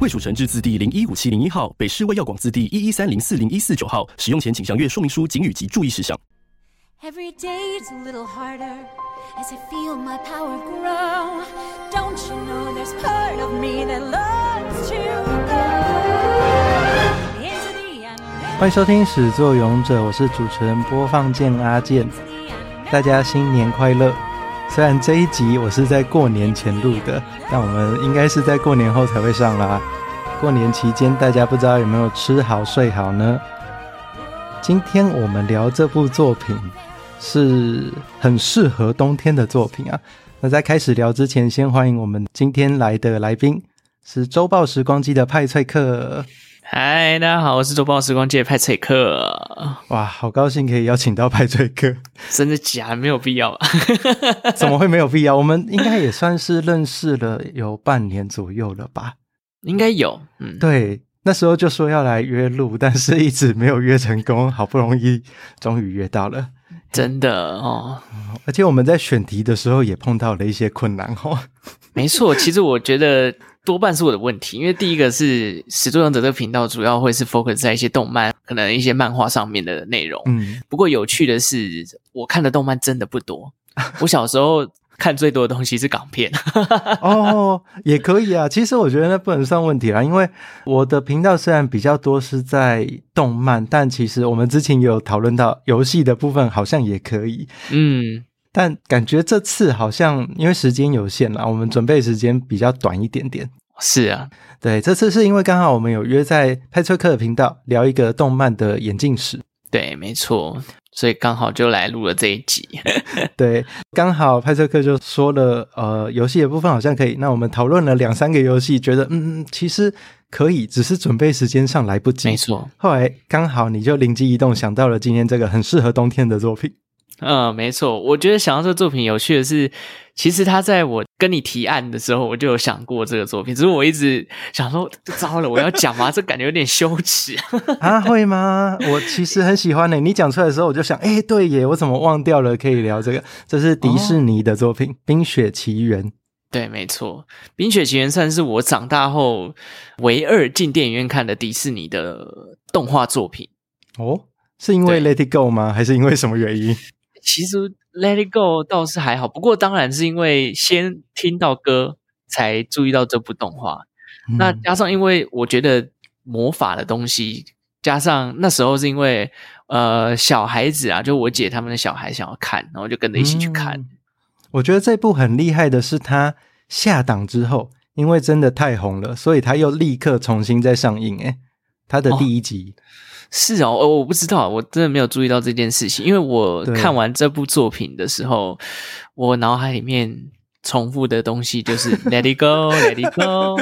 衛署成製字第零一五七零一號，北市衛藥廣字第一幺三零四零一四九號。使用前請詳閱說明書、警語及注意事項。歡迎收聽《屎作勇者》，我是主持人，播放鍵阿鍵，大家新年快樂。雖然這一集我是在過年前錄的，但我們應該是在過年後才會上啦。過年期間，大家不知道有沒有吃好睡好呢？今天我們聊這部作品，是很適合冬天的作品啊。那在開始聊之前，先歡迎我們今天來的來賓，是周報時光機的派翠克。嗨，Hi, 大家好，我是週報時光機派翠克。哇，好高興可以邀請到派翠克，真的假的？沒有必要吧？ 怎麼會沒有必要？我們應該也算是認識了有半年左右了吧？應該有，嗯，對，那時候就說要來約路，但是一直沒有約成功，好不容易終於約到了，真的哦。而且我們在選題的時候也碰到了一些困難哦。沒錯，其實我覺得。 多半是我的問題，因為第一個是屎作勇者這個頻道主要會是 focus 在一些動漫，可能一些漫畫上面的內容。嗯，不過有趣的是，我看的動漫真的不多。我小時候看最多的東西是港片。 哦，也可以啊。其實我覺得那不能算問題啦，因為我的頻道雖然比較多是在動漫，但其實我們之前有討論到遊戲的部分，好像也可以。嗯。但感覺這次好像因為時間有限啦，我們準備時間比較短一點點。是啊，對，這次是因為剛好我們有約在派翠克的頻道聊一個動漫的演進史。對，沒錯，所以剛好就來錄了這一集。 對，剛好派翠克就說了，呃，遊戲的部分好像可以。那我們討論了兩三個遊戲，覺得嗯嗯，其實可以，只是準備時間上來不及。沒錯。後來剛好你就靈機一動，想到了今天這個很適合冬天的作品。嗯，沒錯。我覺得想到這個作品有趣的是，其實他在我跟你提案的時候，我就有想過這個作品。只是我一直想說，糟了，我要講嗎？ 這感覺有點羞恥啊。啊，會嗎？我其實很喜歡的、欸。你講出來的時候，我就想，哎、欸，對耶，我怎麼忘掉了？可以聊這個，這是迪士尼的作品，哦《冰雪奇緣》。對，沒錯，《冰雪奇緣》算是我長大後唯二進電影院看的迪士尼的動畫作品。哦，是因為《Let It Go》嗎？還是因為什麼原因？其實《Let It Go》倒是還好，不過當然是因為先聽到歌才注意到這部動畫。嗯、那加上因為我覺得魔法的東西，加上那時候是因為呃小孩子啊，就我姐他們的小孩想要看，然後就跟着一起去看。嗯、我覺得這部很厲害的是，它下檔之後，因為真的太紅了，所以它又立刻重新再上映。哎、欸，它的第一集。哦是哦，哦，我不知道，我真的沒有注意到這件事情，因為我看完這部作品的時候，對我腦海裡面重複的東西就是 Let it go，Let it go。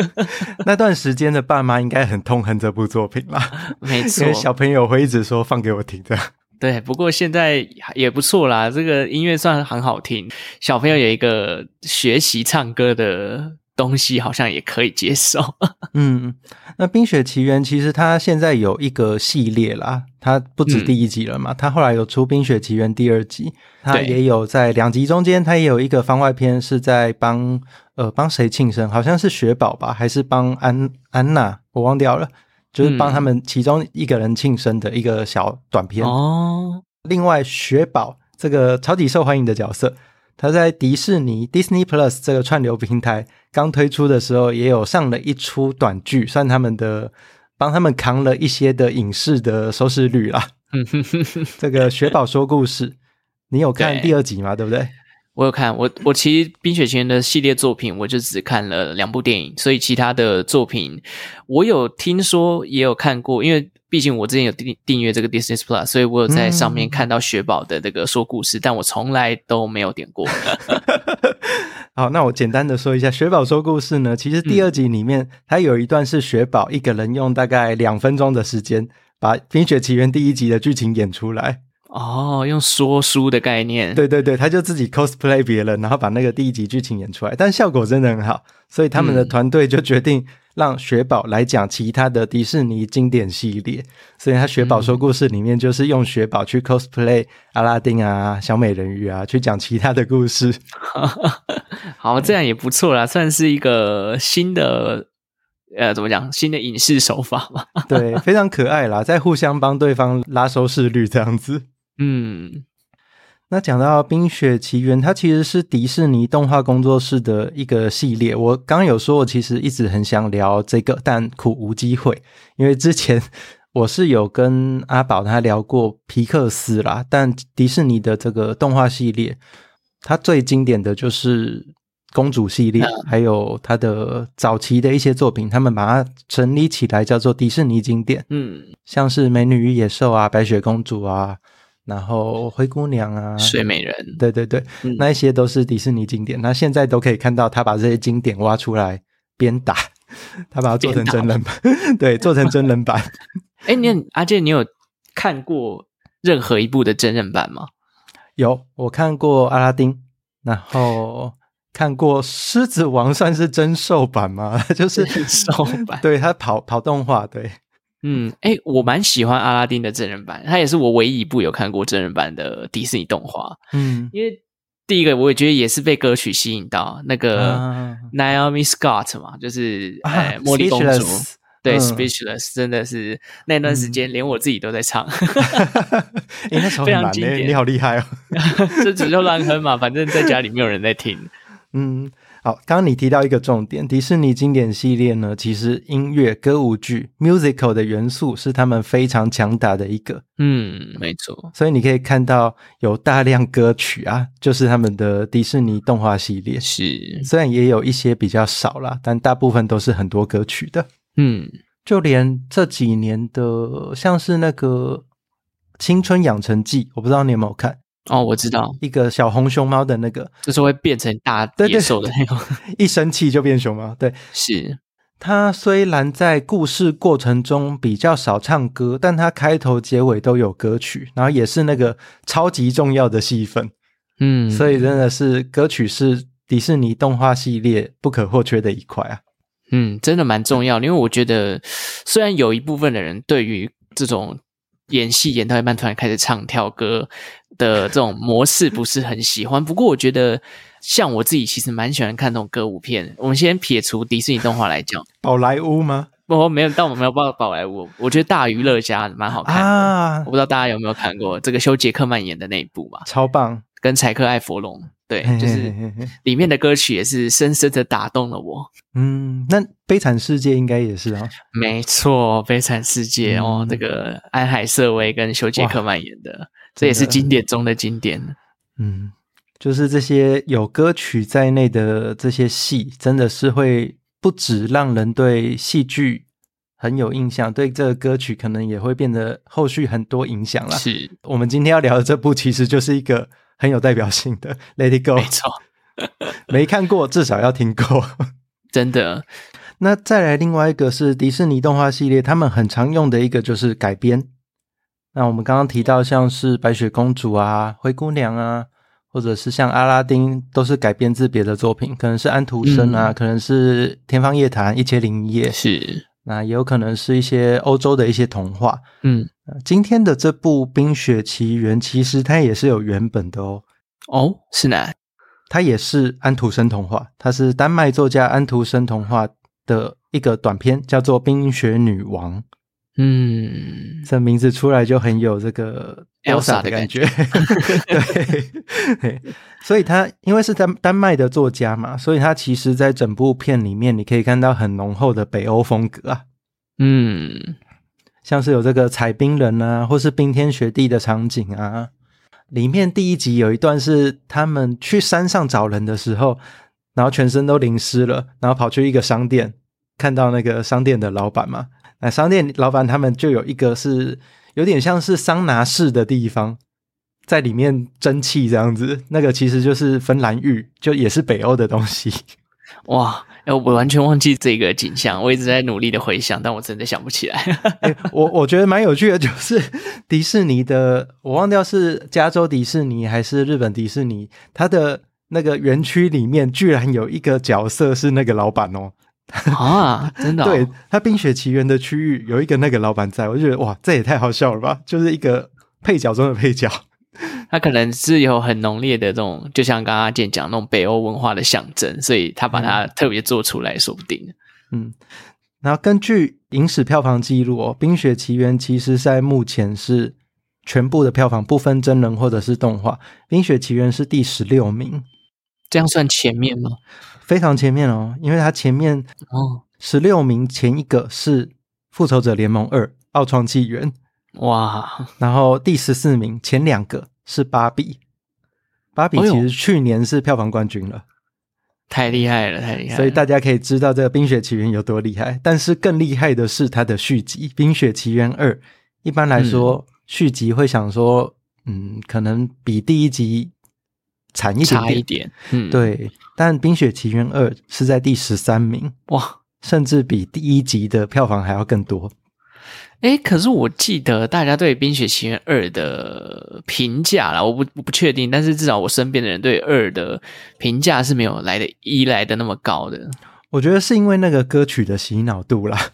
那段時間的爸媽應該很痛恨這部作品吧？沒錯錯，因為小朋友會一直說放給我聽的。對，不過現在也不錯啦，這個音樂算很好聽，小朋友有一個學習唱歌的。東西好像也可以接受。嗯，那《冰雪奇緣》其實它現在有一個系列啦，它不止第一集了嘛。嗯、它後來有出《冰雪奇緣》第二集，它也有在兩集中間，它也有一個番外篇是在幫對 呃幫誰慶生？好像是雪寶吧，還是幫安安娜？我忘掉了，就是幫他們其中一個人慶生的一個小短片哦。嗯、另外，雪寶這個超級受歡迎的角色。他在迪士尼 Disney Plus 這個串流平台剛推出的時候，也有上了一出短劇，算他們的，幫他們扛了一些的影視的收視率啦。 這個雪寶說故事，你有看第二集嗎？對，對不對？我有看，我我其實《冰雪奇緣》的系列作品，我就只看了兩部電影，所以其他的作品我有聽說，也有看過。因為畢竟我之前有訂訂閱這個 Disney Plus，所以我有在上面看到雪寶的這個說故事，嗯、但我從來都沒有點過。呵呵 好，那我簡單的說一下，雪寶說故事呢，其實第二集裡面，嗯、它有一段是雪寶一個人用大概兩分鐘的時間，把《冰雪奇緣》第一集的劇情演出來。哦，用說書的概念，對對對，他就自己 cosplay 別人，然後把那個第一集劇情演出來，但效果真的很好，所以他們的團隊就決定讓雪寶來講其他的迪士尼經典系列，所以他雪寶說故事裡面就是用雪寶去 cosplay 阿拉丁啊、小美人魚啊，去講其他的故事。 好，這樣也不錯啦，嗯、算是一個新的，呃，怎麼講，新的影視手法吧。 對，非常可愛啦，在互相幫對方拉收視率這樣子。嗯，那講到《冰雪奇緣》，它其實是迪士尼動畫工作室的一個系列。我剛有說，我其實一直很想聊這個，但苦無機會。因為之前我是有跟阿寶他聊過皮克斯啦。但迪士尼的這個動畫系列，它最經典的就是公主系列，還有它的早期的一些作品，他們把它整理起來叫做迪士尼經典。嗯，像是《美女與野獸》啊，《白雪公主》啊。然後灰姑娘啊，睡美人，對對對，嗯、那一些都是迪士尼經典。那現在都可以看到他把這些經典挖出來鞭打，他把它做成真人版，導 對，做成真人版。哎、 欸，你阿健，你有看過任何一部的真人版嗎？有，我看過阿拉丁，然後看過獅子王，算是真獸版嗎？ 就是真獸版，對，他跑，跑動畫，對。嗯，哎，我蠻喜歡阿拉丁的真人版，它也是我唯一一部有看過真人版的迪士尼動畫。嗯，因為第一個，我也覺得也是被歌曲吸引到，那個、嗯、Naomi Scott 嘛，就是茉莉公主，對，Speechless、嗯、真的是那段時間，連我自己都在唱。哎，那首歌非常經典，你好厲害哦！這只是亂哼嘛，反正在家裡沒有人在聽。 嗯。好，剛剛你提到一個重點，迪士尼經典系列呢，其實音樂歌舞劇 musical 的元素是他們非常強大的一個，嗯，沒錯，所以你可以看到有大量歌曲啊，就是他們的迪士尼動畫系列是，雖然也有一些比較少啦，但大部分都是很多歌曲的，嗯，就連這幾年的像是那個青春養成記，我不知道你有沒有看？哦，我知道一個小紅熊貓的那個，就是會變成大野獸的那個，一生氣就變熊貓。對，是它雖然在故事過程中比較少唱歌，但它開頭結尾都有歌曲，然後也是那個超級重要的戲份。嗯，所以真的是歌曲是迪士尼動畫系列不可或缺的一塊啊。嗯，真的蠻重要，因為我覺得雖然有一部分的人對於這種演戲演到一半突然開始唱跳歌的這種模式不是很喜歡，不過我覺得像我自己其實蠻喜歡看這種歌舞片。我們先撇除迪士尼動畫來講，寶萊塢嗎？我沒有，但我們沒有報到寶萊塢。我覺得《大娛樂家》蠻好看的，啊、我不知道大家有沒有看過這個休傑克曼演的那一部吧？超棒，跟柴克艾佛隆，對，嘿嘿嘿，就是裡面的歌曲也是深深的打動了我。嗯，那悲慘、哦《悲慘世界》應該也是啊，沒錯，《悲慘世界》哦，那、這個安海瑟薇跟休傑克曼演的。這也是經典中的經典。嗯，就是這些有歌曲在內的這些戲，真的是會不止讓人對戲劇很有印象，對這個歌曲可能也會變得後續很多影響了。是我們今天要聊的這部，其實就是一個很有代表性的《Let It Go》沒錯。沒錯，沒看過至少要聽過。 真的。那再來另外一個是迪士尼動畫系列，他們很常用的一個就是改編。那我們剛剛提到，像是白雪公主啊、灰姑娘啊，或者是像阿拉丁，都是改編自別的作品，可能是安徒生啊，嗯、啊可能是《天方夜譚》《一千零一夜》，是，那也有可能是一些歐洲的一些童話。嗯，今天的這部《冰雪奇緣》，其實它也是有原本的哦。哦，是哪？它也是安徒生童話，它是丹麥作家安徒生童話的一個短篇，叫做《冰雪女王》。嗯，這名字出來就很有這個的 Elsa 的感覺。 對。對，所以他因為是丹丹麥的作家嘛，所以他其實在整部片裡面，你可以看到很濃厚的北歐風格啊。嗯，像是有這個採冰人啊，或是冰天雪地的場景啊。裡面第一集有一段是他們去山上找人的時候，然後全身都淋濕了，然後跑去一個商店，看到那個商店的老闆嘛。那商店老闆他們就有一個是有點像是桑拿室的地方，在裡面蒸汽，這樣子，那個其實就是芬蘭浴，就也是北歐的東西哇。哇、欸！我完全忘記這個景象，我一直在努力的回想，但我真的想不起來。 欸、我我覺得蠻有趣的，就是迪士尼的，我忘掉是加州迪士尼還是日本迪士尼，它的那個園區裡面居然有一個角色是那個老闆哦。 啊，真的、哦？對，他《冰雪奇緣》的區域有一個那個老板在，我就覺得哇，這也太好笑了吧？就是一個配角中的配角，他可能是有很濃烈的這種，就像剛剛阿鍵講那種北歐文化的象徵，所以他把它特別做出來說不定嗯。嗯，然後根據影史票房記錄哦，《冰雪奇緣》其實在目前是全部的票房，不分真人或者是動畫，《冰雪奇緣》是第十六名。這樣算前面嗎？非常前面哦，因為他前面哦，十六名前一個是《復仇者聯盟二：奧創紀元》哦，哇，然後第十四名前兩個是《芭比》，芭比其實去年是票房冠軍了，哦，太厲害了，太厲害了！所以大家可以知道這個《冰雪奇緣》有多厲害，但是更厲害的是它的續集《冰雪奇緣二》。一般來說，續集會想說，嗯，嗯，可能比第一集。慘一點點，差一點，嗯，對，但《冰雪奇緣二》是在第十三名，哇，甚至比第一集的票房還要更多。哎、欸，可是我記得大家對《冰雪奇緣二》的評價啦，我不我不確定，但是至少我身邊的人對二的評價是沒有來的一來的那麼高的。我覺得是因為那個歌曲的洗腦度啦。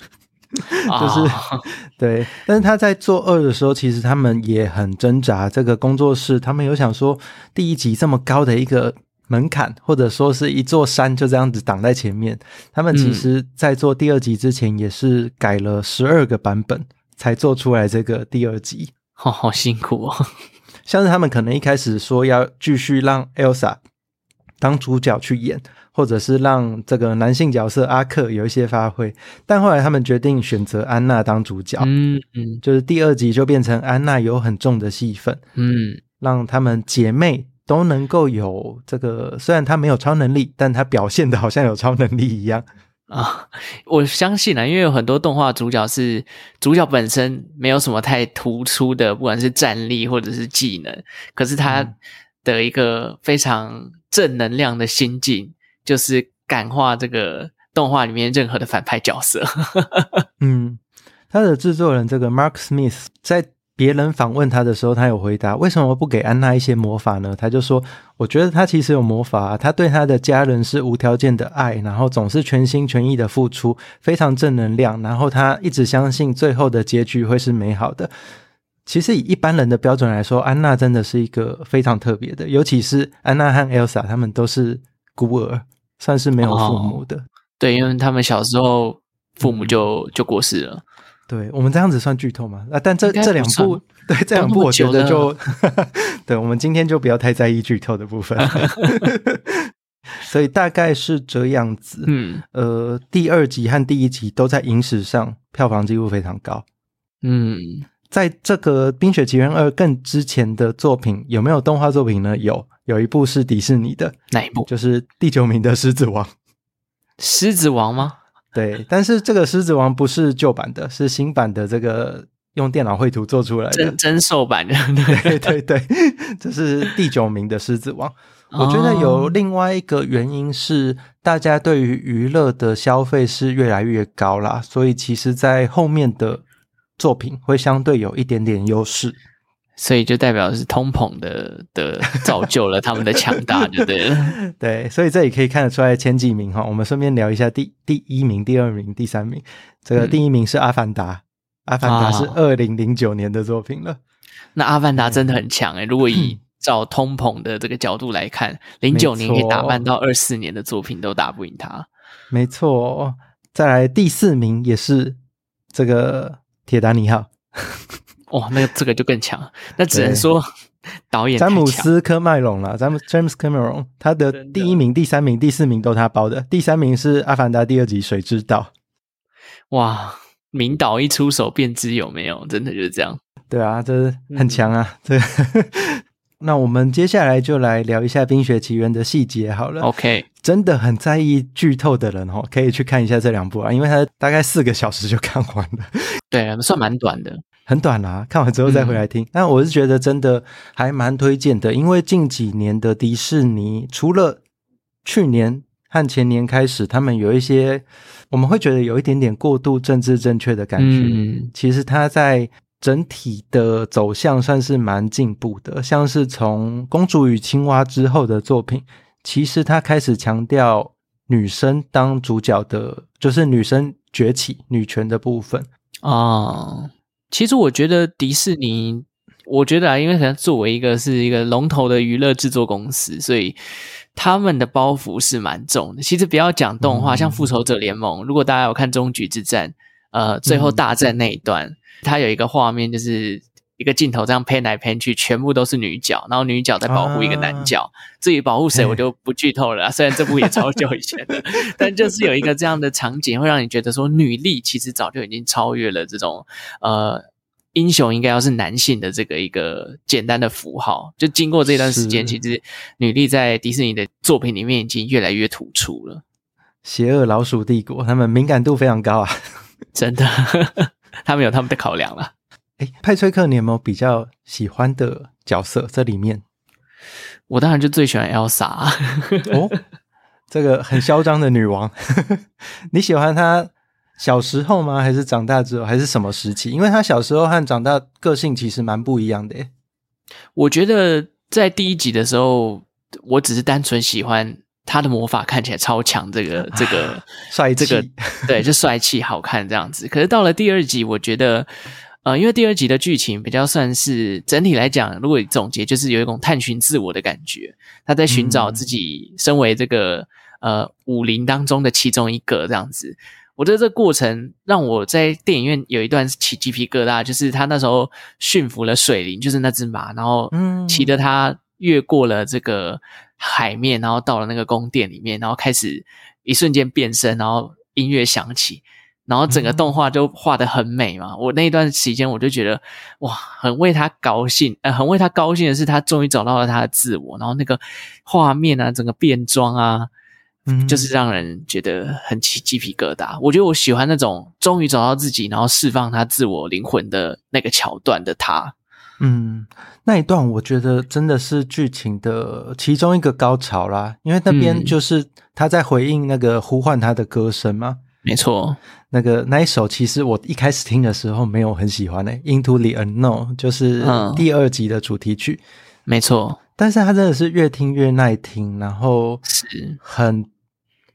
就是對，但是他在做二的時候，其實他們也很掙扎。這個工作室，他們有想說，第一集這麼高的一個門檻，或者說是一座山，就這樣子擋在前面。他們其實，在做第二集之前，也是改了十二個版本，才做出來這個第二集。好好辛苦哦！像是他們可能一開始說要繼續讓 Elsa。當主角去演，或者是讓這個男性角色阿克有一些發揮，但後來他們決定選擇安娜當主角，嗯嗯，嗯就是第二集就變成安娜有很重的戲份，嗯，讓他們姐妹都能夠有這個，雖然她沒有超能力，但她表現得好像有超能力一樣啊！我相信啦，因為有很多動畫主角是主角本身沒有什麼太突出的，不管是戰力，或者是技能，可是他的一個非常。正能量的心境，就是感化這個動畫裡面任何的反派角色。 嗯，他的製作人這個 Mark Smith 在別人訪問他的時候，他有回答為什麼不給安娜一些魔法呢？他就說：“我覺得他其實有魔法啊，他對他的家人是無條件的愛，然後總是全心全意的付出，非常正能量，然後他一直相信最後的結局會是美好的。”其實以一般人的標準來說，安娜真的是一個非常特別的，尤其是安娜和 Elsa，他們都是孤兒，算是沒有父母的、哦。對，因為他們小時候父母就、嗯、就過世了。對，我們這樣子算劇透嗎？啊、但這這兩部，對這兩部，我覺得就， 對，我們今天就不要太在意劇透的部分。 所以大概是這樣子。嗯，呃，第二集和第一集都在影史上票房幾乎非常高。嗯。在這個《冰雪奇緣二》更之前的作品有沒有動畫作品呢？有，有一部是迪士尼的，哪一部？就是第九名的《獅子王》。獅子王嗎？對，但是這個《獅子王》不是舊版的，是新版的，這個用電腦繪圖做出來的真真獸版的。對對對，這是第九名的《獅子王》。我覺得有另外一個原因是，大家對於娛樂的消費是越來越高啦。所以其實，在後面的。作品會相對有一點點優勢，所以就代表是通膨的的造就了他們的強大，對不對？對，所以這也可以看得出來前幾名哈。我們順便聊一下第第一名、第二名、第三名。這個第一名是《阿凡達》，嗯，《阿凡達》是二零零九年的作品了。哦、那《阿凡達》真的很強哎、欸！嗯、如果以照通膨的這個角度來看，零九、嗯、年可以打扮到二四年的作品都打不贏他。沒錯，再來第四名也是這個。鐵達尼號，哇、哦，那這個就更強。那只能說對導演詹姆斯科麥隆了，詹姆，James Cameron，他的第一名、的第三名、第四名都他包的。第三名是《阿凡達》第二集水之道，誰知道？哇，名導一出手便知有沒有，真的就是這樣。對啊，這是很強啊，對、嗯。這個笑那我們接下來就來聊一下《冰雪奇緣》的細節好了 okay。OK，真的很在意劇透的人哦，可以去看一下這兩部啊，因為它大概四個小時就看完了。對，算蠻短的，很短啊。看完之後再回來聽。那、嗯、我是覺得真的還蠻推薦的，因為近幾年的迪士尼，除了去年和前年開始，他們有一些我們會覺得有一點點過度政治正確的感覺。嗯，其實他在。整體的走向算是蠻進步的，像是從《公主與青蛙》之後的作品，其實他開始強調女生當主角的，就是女生崛起、女權的部分啊、哦。其實我覺得迪士尼，我覺得啊，因為它作為一個是一個龍頭的娛樂製作公司，所以他們的包袱是蠻重的。其實不要講動畫，嗯、像《復仇者聯盟》，如果大家有看《終局之戰》。呃，最後大戰那一段，嗯、它有一個畫面，就是一個鏡頭這樣噴來噴去，全部都是女角，然後女角在保護一個男角，啊、至於保護誰，我就不劇透了、啊。哎、雖然這部也超久以前了， 但就是有一個這樣的場景，會讓你覺得說，女力其實早就已經超越了這種呃英雄應該要是男性的這個一個簡單的符號。就經過這段時間，是其實女力在迪士尼的作品裡面已經越來越突出了。邪惡老鼠帝國，他們敏感度非常高啊。真的，他們有他們的考量了。哎、欸，派崔克，你有沒有比較喜歡的角色這裡面？我當然就最喜歡 Elsa 哦，這個很囂張的女王。 你喜歡她小時候嗎？還是長大之後？還是什麼時期？因為她小時候和長大個性其實蠻不一樣的、欸。我覺得在第一集的時候，我只是單純喜歡。他的魔法看起來超強，這個這個帥，這個、啊這個、對，就帥氣好看這樣子。 可是到了第二集，我覺得，呃，因為第二集的劇情比較算是整體來講，如果你總結就是有一種探尋自我的感覺。他在尋找自己身為這個、嗯、呃武林當中的其中一個這樣子。我覺得這過程讓我在電影院有一段起雞皮疙瘩，就是他那時候馴服了水靈，就是那只馬，然後騎着他。嗯越過了這個海面，然後到了那個宮殿裡面，然後開始一瞬間變身，然後音樂響起，然後整個動畫就畫得很美嘛。嗯、我那一段時間我就覺得哇，很為他高興，呃，很為他高興的是他終於找到了他的自我，然後那個畫面啊，整個變裝啊，嗯，就是讓人覺得很起雞皮疙瘩。我覺得我喜歡那種終於找到自己，然後釋放他自我靈魂的那個橋段的他。嗯，那一段我覺得真的是劇情的其中一個高潮啦，因為那邊就是他在回應那個呼喚他的歌聲嘛。嗯、沒錯，那個那一首其實我一開始聽的時候沒有很喜歡誒、欸，《Into the Unknown》就是第二集的主題曲。嗯、沒錯，但是他真的是越聽越耐聽，然後是很。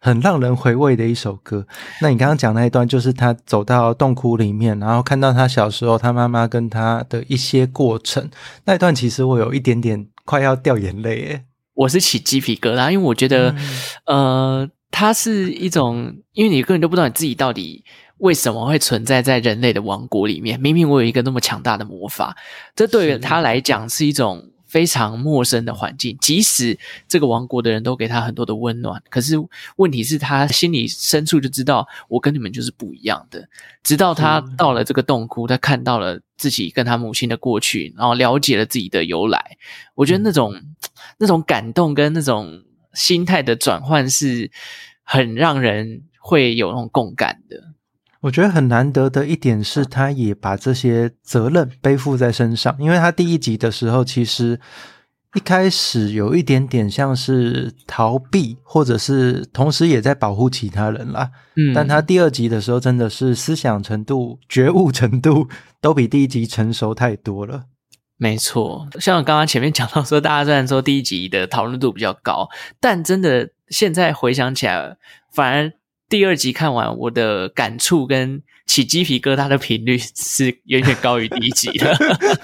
很讓人回味的一首歌。那你剛剛講那一段，就是他走到洞窟裡面，然後看到他小時候他媽媽跟他的一些過程。那一段其實我有一點點快要掉眼淚、欸。誒，我是起雞皮疙瘩、啊，因為我覺得，嗯、呃，它是一種，因為你根本都不知道你自己到底為什麼會存在在人類的王國裡面。明明我有一個那麼強大的魔法，這對於他來講是一種是。非常陌生的環境，即使這個王國的人都給他很多的溫暖，可是問題是他心裡深處就知道，我跟你們就是不一樣的。直到他到了這個洞窟，他看到了自己跟他母親的過去，然後了解了自己的由來。我覺得那種、嗯、那種感動跟那種心態的轉換，是很讓人會有那種共感的。我覺得很難得的一點是，他也把這些責任背負在身上。因為他第一集的時候，其實一開始有一點點像是逃避，或者是同時也在保護其他人啦。嗯，但他第二集的時候，真的是思想程度、覺悟程度都比第一集成熟太多了。沒錯，像我剛剛前面講到說，大家雖然說第一集的討論度比較高，但真的現在回想起來，反而。第二集看完，我的感觸跟起雞皮疙瘩的頻率是遠遠高於第一集的。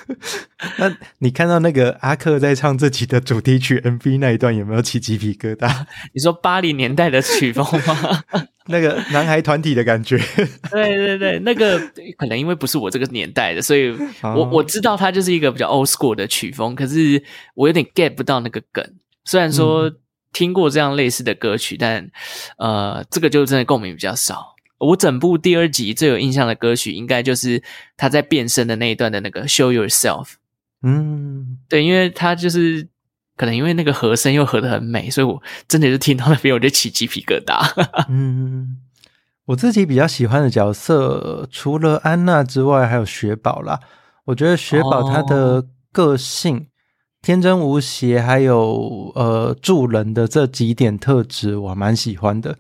那你看到那個阿克在唱自己的主題曲 MV 那一段，有沒有起雞皮疙瘩？ 你說八零年代的曲風嗎？ 那個男孩團體的感覺 對對對，那個可能因為不是我這個年代的，所以我、哦、我知道他就是一個比較 old school 的曲風，可是我有點 get 不到那個梗，雖然說、嗯。聽過這樣類似的歌曲，但，呃，這個就真的共鳴比較少。我整部第二集最有印象的歌曲，應該就是他在變身的那一段的那個 Show Yourself。嗯，對，因為他就是可能因為那個和聲又和得很美，所以我真的是聽到那邊我就起雞皮疙瘩。 嗯，我自己比較喜歡的角色，除了安娜之外，還有雪寶啦。我覺得雪寶他的個性。哦天真無邪，還有呃助人的這幾點特質，我蠻喜歡的。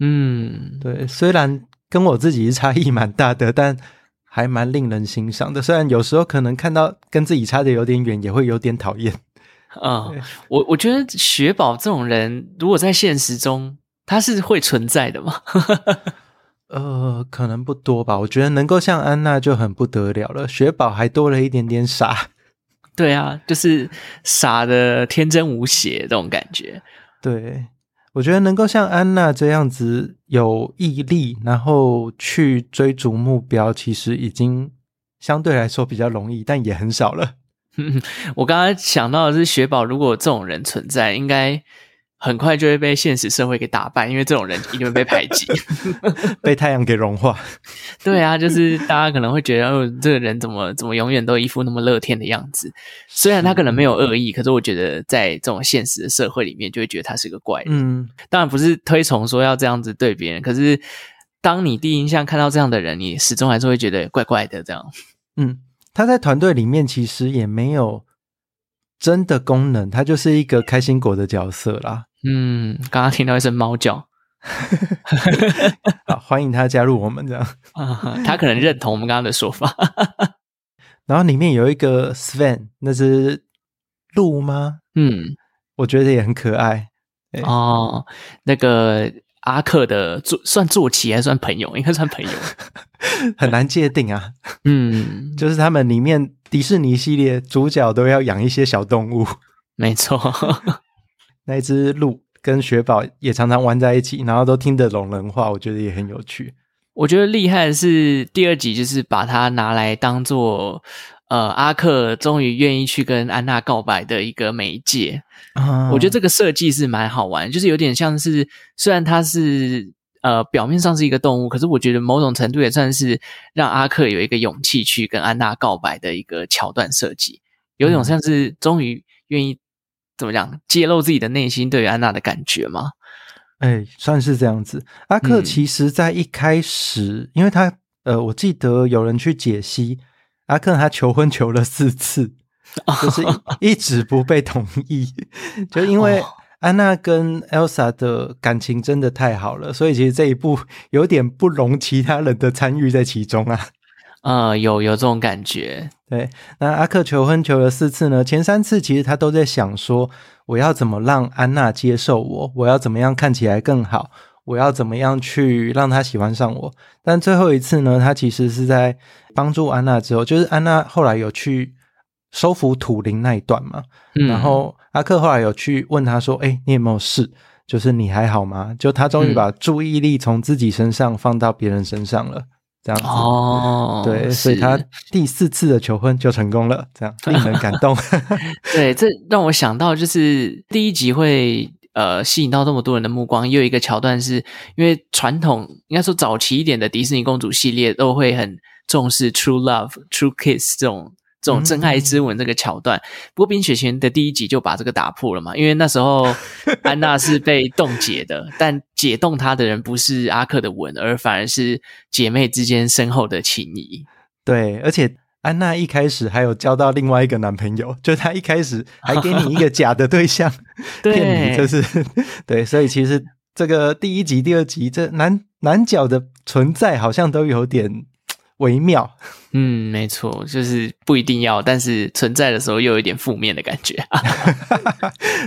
嗯，對，雖然跟我自己差異蠻大的，但還蠻令人欣賞的。雖然有時候可能看到跟自己差的有點遠，也會有點討厭。啊，我我覺得雪寶這種人，如果在現實中，他是會存在的嗎 ？呃，可能不多吧。我覺得能夠像安娜就很不得了了。雪寶還多了一點點傻。對啊，就是傻的天真無邪這種感覺。對，我覺得能夠像安娜這樣子有毅力，然後去追逐目標，其實已經相對來說比較容易，但也很少了。哼哼，我剛才想到的是，雪寶如果有這種人存在，應該。很快就會被現實社會給打敗，因為這種人一定會被排擠， 被太陽給融化。 對啊，就是大家可能會覺得，哦，這個人怎麼怎麼永遠都一副那麼樂天的樣子？雖然他可能沒有惡意，是的可是我覺得在這種現實的社會裡面，就會覺得他是個怪人。嗯，當然不是推崇說要這樣子對別人，可是當你第一印象看到這樣的人，你始終還是會覺得怪怪的。這樣，嗯，他在團隊裡面其實也沒有真的功能，他就是一個開心果的角色啦。嗯，剛剛聽到一聲貓叫， 歡迎他加入我們這樣。Uh-huh, 他可能認同我們剛剛的說法。 然後裡面有一個 Sven，那是鹿嗎？嗯，我覺得也很可愛。哦，欸、那個阿克的坐算坐騎還是算朋友？應該算朋友，很難界定啊。嗯，就是他們裡面迪士尼系列主角都要養一些小動物，沒錯。 那隻鹿跟雪寶也常常玩在一起，然後都聽得懂人話，我覺得也很有趣。我覺得厲害的是第二集，就是把它拿來當做呃阿克終於願意去跟安娜告白的一個媒介。嗯、我覺得這個設計是蠻好玩的，就是有點像是雖然它是呃表面上是一個動物，可是我覺得某種程度也算是讓阿克有一個勇氣去跟安娜告白的一個橋段設計，有種像是終於願意、嗯。怎麼講？揭露自己的內心對於安娜的感覺嗎？哎、欸，算是這樣子。阿克其實，在一開始，嗯、因為他呃，我記得有人去解析阿克，他求婚求了四次，就是一直不被同意， 就因為安娜跟 Elsa 的感情真的太好了，所以其實這一部有點不容其他人的參與在其中啊。啊、嗯，有有這種感覺。對，那阿克求婚求了四次呢，前三次其實他都在想說，我要怎麼讓安娜接受我，我要怎麼樣看起來更好，我要怎麼樣去讓她喜歡上我。但最後一次呢，他其實是在幫助安娜之後，就是安娜後來有去收服土靈那一段嘛。嗯。然後阿克後來有去問他說：“哎、欸，你有沒有事？就是你還好嗎？”就他終於把注意力從自己身上放到別人身上了。嗯這樣哦，oh, 對，是所以他第四次的求婚就成功了，這樣令人感動。 對，這讓我想到就是第一集會呃吸引到這麼多人的目光，又有一個橋段是因為傳統，應該說早期一點的迪士尼公主系列都會很重視 true love true kiss 這種。這種真愛之吻這個橋段，嗯，不過《冰雪奇緣》的第一集就把這個打破了嘛。因為那時候安娜是被凍結的， 但解凍她的人不是阿克的吻，而反而是姐妹之間深厚的情誼。對，而且安娜一開始還有交到另外一個男朋友，就她一開始還給你一個假的對象騙 你，就是，是對，對，所以其實這個第一集、第二集這男男角的存在好像都有點微妙，嗯，沒錯，就是不一定要，但是存在的時候又有一點負面的感覺啊，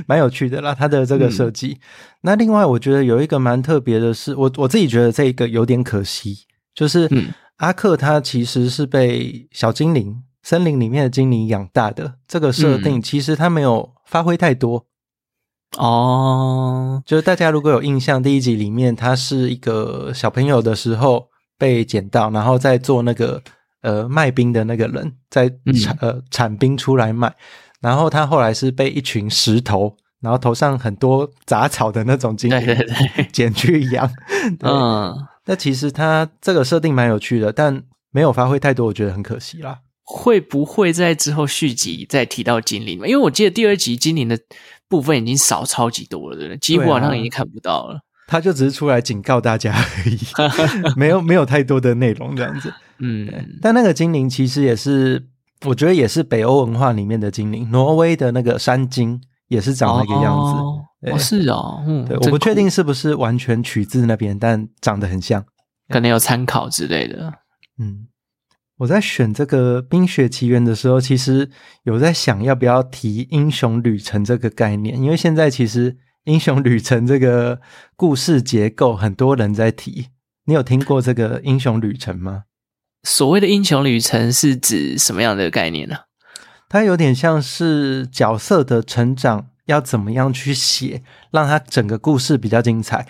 蠻 有趣的啦，他的這個設計。嗯、那另外，我覺得有一個蠻特別的是，我我自己覺得這一個有點可惜，就是阿克他其實是被小精靈森林裡面的精靈養大的，這個設定其實他沒有發揮太多，哦、嗯，就是大家如果有印象，第一集裡面他是一個小朋友的時候，被撿到，然後再做那個呃賣冰的那個人，在、嗯、呃產冰出來賣，然後他後來是被一群石頭，然後頭上很多雜草的那種精靈，對對對，撿去養。嗯，那其實他這個設定蠻有趣的，但沒有發揮太多，我覺得很可惜啦。會不會在之後續集再提到精靈？因為我記得第二集精靈的部分已經少超級多了，對，幾乎好像已經看不到了。他就只是出來警告大家而已， 沒有沒有太多的內容這樣子。嗯，但那個精靈其實也是，我覺得也是北歐文化裡面的精靈，挪威的那個山精也是長那個樣子。是哦，對，對，我不確定是不是完全取自那邊，但長得很像，可能有參考之類的。嗯，我在選這個《冰雪奇緣》的時候，其實有在想要不要提英雄旅程這個概念，因為現在其實。英雄旅程這個故事結構，很多人在提。你有聽過這個英雄旅程嗎？所謂的英雄旅程是指什麼樣的概念呢、啊？它有點像是角色的成長要怎麼樣去寫，讓它整個故事比較精彩。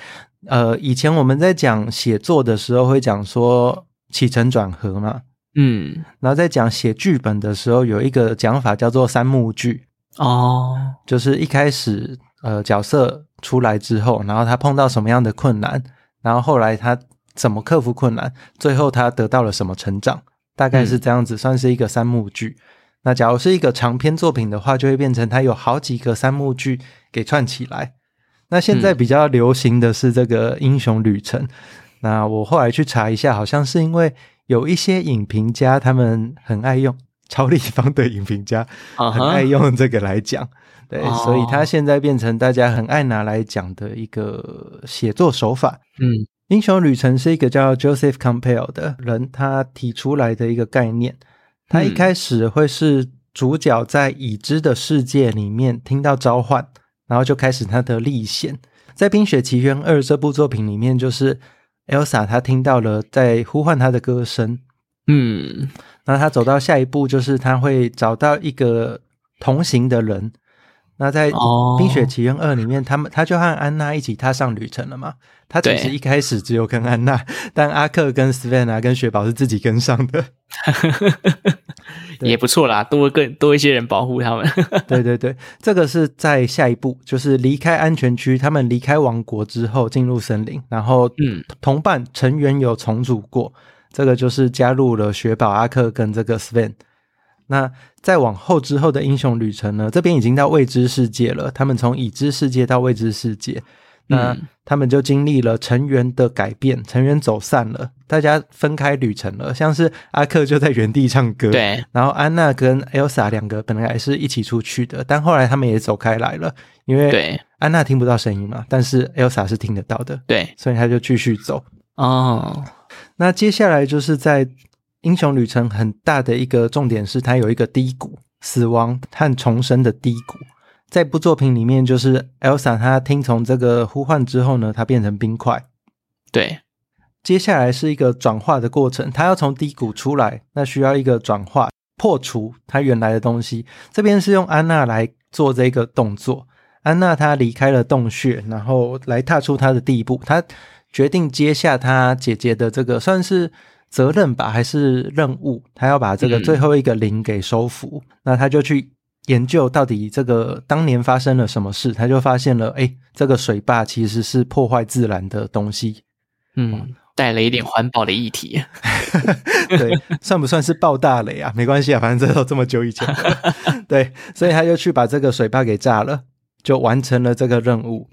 呃，以前我們在講寫作的時候會講說起承轉合嘛，嗯，然後在講寫劇本的時候有一個講法叫做三幕劇哦，就是一開始。呃，角色出來之後，然後他碰到什麼樣的困難，然後後來他怎麼克服困難，最後他得到了什麼成長，大概是這樣子，嗯、算是一個三幕劇。那假如是一個長篇作品的話，就會變成他有好幾個三幕劇給串起來。那現在比較流行的是這個英雄旅程。嗯、那我後來去查一下，好像是因為有一些影評家他們很愛用。超立方的影評家很愛用這個來講，uh huh. 對，所以他現在變成大家很愛拿來講的一個寫作手法。嗯，uh huh. 英雄旅程是一個叫 Joseph Campbell 的人他提出來的一個概念。他一開始會是主角在已知的世界裡面聽到召喚，然後就開始他的歷險。在《冰雪奇緣二》這部作品裡面，就是 Elsa 她聽到了在呼喚她的歌聲。嗯，那他走到下一步，就是他會找到一個同行的人。那在《冰雪奇緣二》裡面，他們、哦、他就和安娜一起踏上旅程了嘛？他其實一開始只有跟安娜，對但阿克跟斯維娜跟雪寶是自己跟上的，也不錯啦，多更多一些人保護他們。對對對，這個是在下一步，就是離開安全區，他們離開王國之後進入森林，然後嗯，同伴成員有重組過。這個就是加入了雪寶、阿克跟這個 Sven，那再往後之後的英雄旅程呢？這邊已經到未知世界了。他們從已知世界到未知世界，那他們就經歷了成員的改變，嗯、成員走散了，大家分開旅程了。像是阿克就在原地唱歌，對。然後安娜跟 Elsa 兩個本來還是一起出去的，但後來他們也走開來了，因為對，安娜聽不到聲音嘛，但是 Elsa 是聽得到的，對，所以他就繼續走哦。那接下來就是在英雄旅程很大的一個重點是，它有一個低谷，死亡和重生的低谷。在部作品裡面，就是 Elsa 她聽從這個呼喚之後呢，她變成冰塊。對，接下來是一個轉化的過程，她要從低谷出來，那需要一個轉化，破除她原來的東西。這邊是用安娜來做這個動作，安娜她離開了洞穴，然後來踏出她的第一步，她。決定接下他姐姐的這個算是責任吧，還是任務？他要把這個最後一個靈給收服，嗯、那他就去研究到底這個當年發生了什麼事。他就發現了，哎、欸，這個水壩其實是破壞自然的東西，嗯，帶了一點環保的議題。 對，算不算是爆大雷啊？沒關係啊，反正這都這麼久以前了。 對，所以他就去把這個水壩給炸了，就完成了這個任務。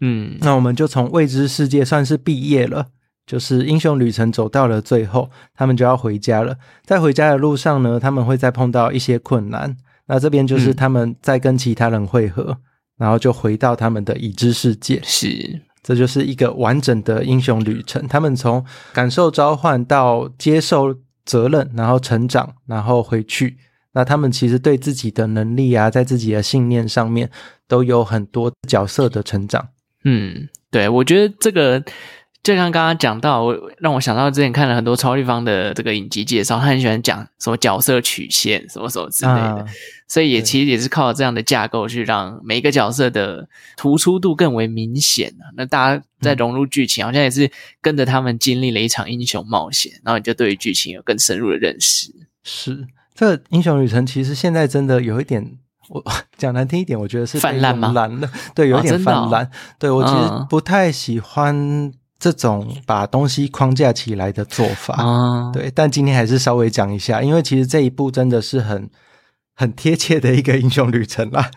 嗯，那我們就從未知世界算是畢業了，就是英雄旅程走到了最後，他們就要回家了。在回家的路上呢，他們會再碰到一些困難。那這邊就是他們再跟其他人會合，嗯、然後就回到他們的已知世界。是，這就是一個完整的英雄旅程。他們從感受召喚到接受責任，然後成長，然後回去。那他們其實對自己的能力啊，在自己的信念上面都有很多角色的成長。嗯，對，我覺得這個就像剛剛講到我，讓我想到之前看了很多超立方的這個影集介紹，他很喜歡講什麼角色曲線、什麼什麼之類的，啊、所以也對其實也是靠這樣的架構去讓每一個角色的突出度更為明顯、啊、那大家在融入劇情，嗯、好像也是跟着他們經歷了一場英雄冒險，然後你就對於劇情有更深入的認識。是，這個英雄旅程其實現在真的有一點。我講難聽一點，我覺得是了泛濫嗎？對，有點泛濫。對，我其實不太喜歡這種把東西框架起來的做法啊。對，但今天還是稍微講一下，因為其實這一部真的是很很貼切的一個英雄旅程啦。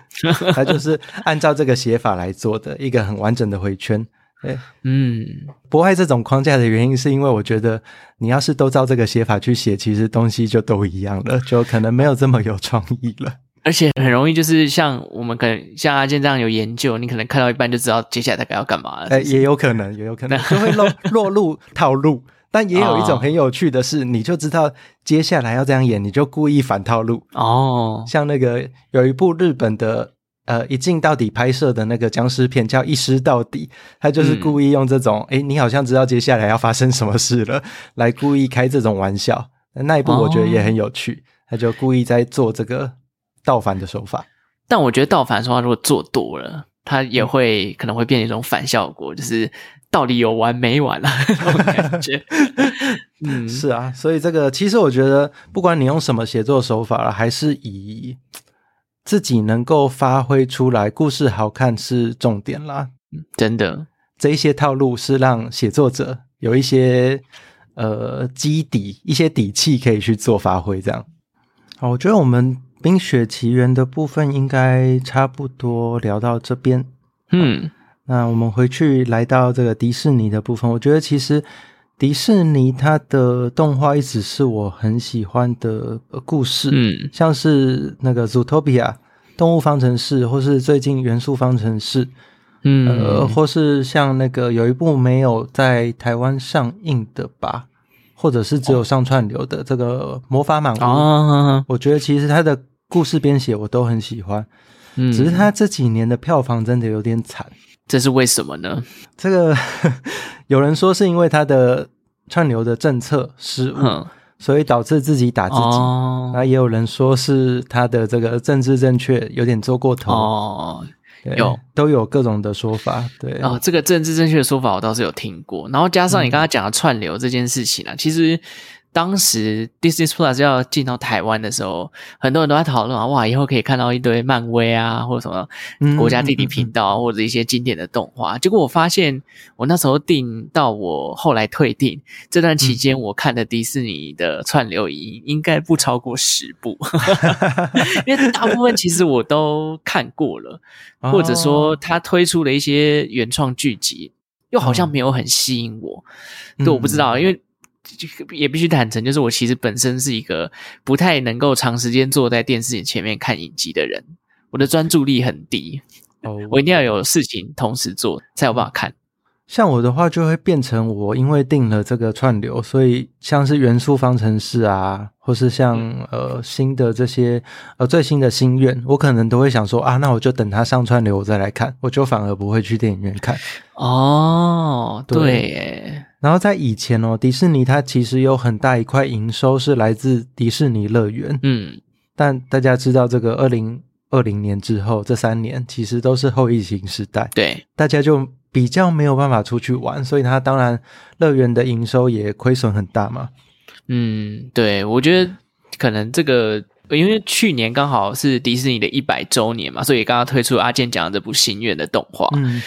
它就是按照這個寫法來做的一個很完整的回圈。對，嗯，不愛這種框架的原因是因為我覺得你要是都照這個寫法去寫，其實東西就都一樣了，就可能沒有這麼有創意了。 而且很容易，就是像我們可能像阿健這樣有研究，你可能看到一半就知道接下來大概要幹嘛了。哎、欸，也有可能，也有可能就會落 落入套路。但也有一種很有趣的是，哦、你就知道接下來要這樣演，你就故意反套路哦。像那個有一部日本的呃一鏡到底拍攝的那個僵屍片叫《一屍到底》，他就是故意用這種哎、嗯欸，你好像知道接下來要發生什麼事了，來故意開這種玩笑。那一部我覺得也很有趣，他、哦、就故意在做這個。倒反的手法，但我覺得倒反手法如果做多了，它也會可能會變成一種反效果，嗯、就是到底有完沒完了那種感覺。嗯，是啊，所以這個其實我覺得，不管你用什麼寫作手法啦，還是以自己能夠發揮出來，故事好看是重點啦。真的，這一些套路是讓寫作者有一些呃基底，一些底氣可以去做發揮。這樣，好，我覺得我們。冰雪奇緣的部分應該差不多聊到這邊，嗯、啊，那我們回去來到這個迪士尼的部分，我覺得其實迪士尼它的動畫一直是我很喜歡的故事，嗯，像是那個 Zootopia 動物方城市，或是最近元素方城市，嗯，呃，或是像那個有一部沒有在台灣上映的吧，或者是只有上串流的這個魔法滿屋，哦、我覺得其實它的。故事編寫我都很喜歡，嗯、只是他這幾年的票房真的有點慘，這是為什麼呢？這個有人說是因為他的串流的政策失誤，嗯、所以導致自己打自己。哦、也有人說是他的這個政治正確有點做過頭，哦、對有都有各種的說法，對。哦，這個政治正確的說法我倒是有聽過，然後加上你剛剛講的串流這件事情呢、啊，嗯、其實。當時 Disney Plus 要進到台灣的時候，很多人都在討論啊，哇，以後可以看到一堆漫威啊，或者什麼國家地理頻道，或者一些經典的動畫。嗯嗯、結果我發現，我那時候訂到我後來退訂這段期間，我看的迪士尼的串流影音應該不超過十部，嗯、 因為大部分其實我都看過了，哦、或者說他推出了一些原創劇集又好像沒有很吸引我，對、嗯，我不知道，因為。也必須坦誠，就是我其實本身是一個不太能夠長時間坐在電視前面看影集的人，我的專注力很低，oh. 我一定要有事情同時做才有辦法看。像我的話，就會變成我因為訂了這個串流，所以像是元素方程式啊，或是像、嗯、呃新的這些呃最新的心願，我可能都會想說啊，那我就等它上串流我再來看，我就反而不會去電影院看。哦，oh, 對。對然後在以前哦，迪士尼它其實有很大一塊營收是來自迪士尼樂園。嗯，但大家知道，這個二零二零年之後這三年其實都是後疫情時代。對，大家就比較沒有辦法出去玩，所以它當然樂園的營收也虧損很大嘛。嗯，對，我覺得可能這個，因為去年剛好是迪士尼的一百周年嘛，所以剛剛推出阿健講的這部《心願》的動畫。嗯。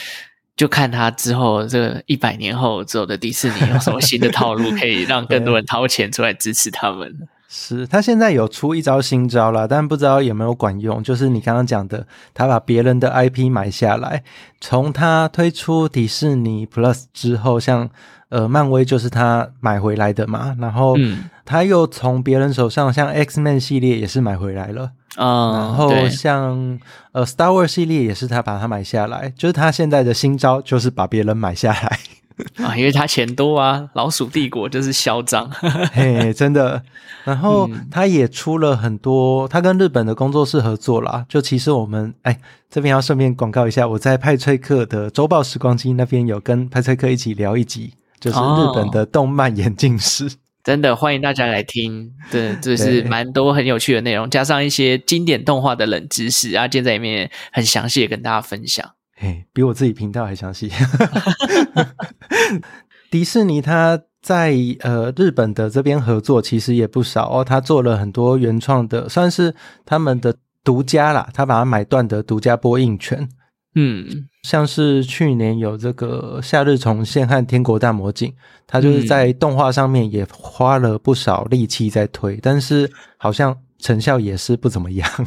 就看他之後這個一百年後之後的迪士尼有什麼新的套路，可以讓更多人掏錢出來支持他們 。是他現在有出一招新招啦，但不知道有沒有管用。就是你剛剛講的，他把別人的 IP 買下來，從他推出迪士尼 Plus 之後，像。呃，漫威就是他買回來的嘛，然後他又從別人手上，像 X-Men 系列也是買回來了啊，嗯、然後像對呃 Star Wars 系列也是他把它買下來，就是他現在的新招就是把別人買下來 啊，因為他錢多啊， 老鼠帝國就是囂張，嘿 ，hey, 真的。然後他也出了很多，他跟日本的工作室合作啦，就其實我們哎、欸、這邊要順便廣告一下，我在派翠克的週報時光機那邊有跟派翠克一起聊一集。就是日本的動漫演進史，哦、真的歡迎大家來聽。對，就是蠻多很有趣的內容，加上一些經典動畫的冷知識啊，阿鍵在裡面很詳細的跟大家分享。嘿，比我自己頻道還詳細。 迪士尼他在呃日本的這邊合作其實也不少哦，他做了很多原創的，算是他們的獨家啦，他把它買斷的獨家播映權。嗯。像是去年有這個《夏日重現》和《天國大魔境》，他就是在動畫上面也花了不少力氣在推，嗯、但是好像成效也是不怎麼樣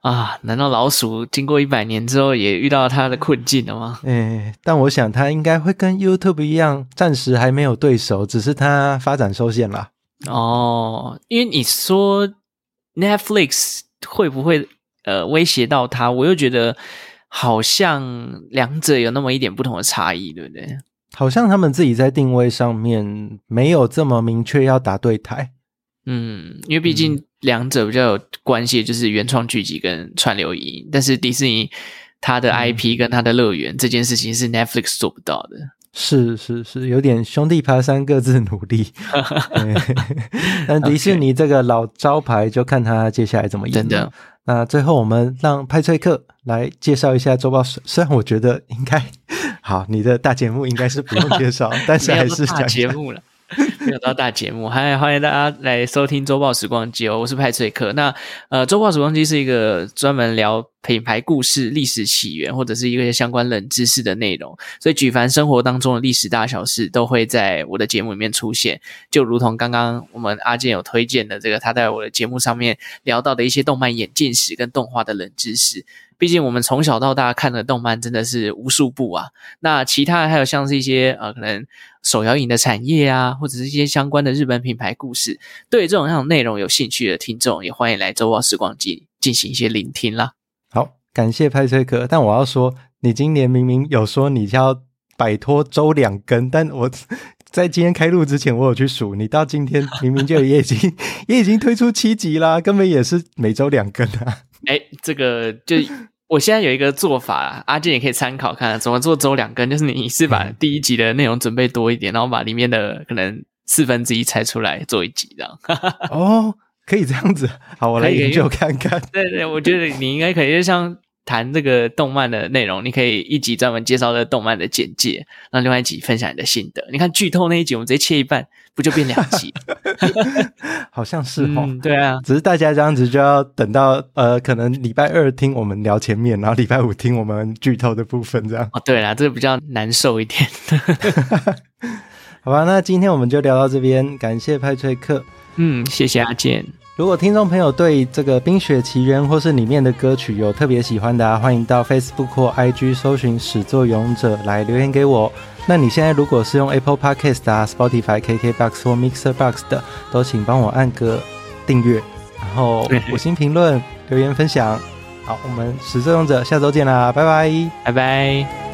啊？難道老鼠經過一百年之後也遇到它的困境了嗎？哎，但我想它應該會跟 YouTube 一樣，暫時還沒有對手，只是它發展受限了。哦，因為你說 Netflix 會不會呃威脅到它？我又覺得。好像兩者有那麼一點不同的差異，對不對？好像他們自己在定位上面沒有這麼明確要打對台。嗯，因為畢竟兩者比較有關係，嗯、就是原創劇集跟串流儀。但是迪士尼它的 IP 跟它的樂園、嗯、這件事情是 Netflix 做不到的。是是是，有點兄弟爬山各自努力。 但迪士尼這個老招牌，就看他接下來怎麼演。真的。那最後我們讓派翠克來介紹一下週報。雖然我覺得應該，好，你的大節目應該是不用介紹， 但是還是講節目了。有到大節目，嗨，歡迎大家來收聽週報時光機哦，我是派翠克。那呃，週報時光機是一個專門聊品牌故事、歷史起源或者是一個相關冷知識的內容，所以舉凡生活當中的歷史大小事都會在我的節目裡面出現，就如同剛剛我們阿健有推薦的這個，他在我的節目上面聊到的一些動漫演進史跟動畫的冷知識。畢竟我們從小到大看的動漫真的是無數部啊。那其他的還有像是一些呃可能手搖飲的產業啊，或者是一些相關的日本品牌故事，對這種各樣的內容有興趣的聽眾，也歡迎來週報時光機進行一些聆聽啦。好，感謝派翠克。但我要說，你今年明明有說你要擺脫週兩更，但我在今天開錄之前，我有去數，你到今天明明就也已經 也已經推出七集啦，根本也是每週兩更啊。哎，這個就我現在有一個做法， 阿鍵也可以參考看怎麼做週兩更，就是你是把第一集的內容準備多一點，然後把裡面的可能四分之一拆出來做一集這樣。哈哈哈。哦，可以這樣子。好，我來研究看看。對對，我覺得你應該可以就像。談這個動漫的內容，你可以一集專門介紹這個動漫的簡介，然後另外一集分享你的心得。你看劇透那一集，我們直接切一半，不就變兩集？ 好像是哦。嗯、對啊，只是大家這樣子就要等到呃，可能禮拜二聽我們聊前面，然後禮拜五聽我們劇透的部分，這樣哦。對啦，這個比較難受一點的。 好吧，那今天我們就聊到這邊，感謝派翠克，嗯，謝謝阿、啊、健。如果聽眾朋友對這個《冰雪奇緣》或是裡面的歌曲有特別喜歡的啊，歡迎到 Facebook 或 IG 搜尋“屎作勇者”來留言給我。那你現在如果是用 Apple Podcast、啊、Spotify、KK Box 或 Mixer Box 的，都請幫我按個訂閱，然後五星評論、 留言分享。好，我們屎作勇者下周見啦，拜拜，拜拜。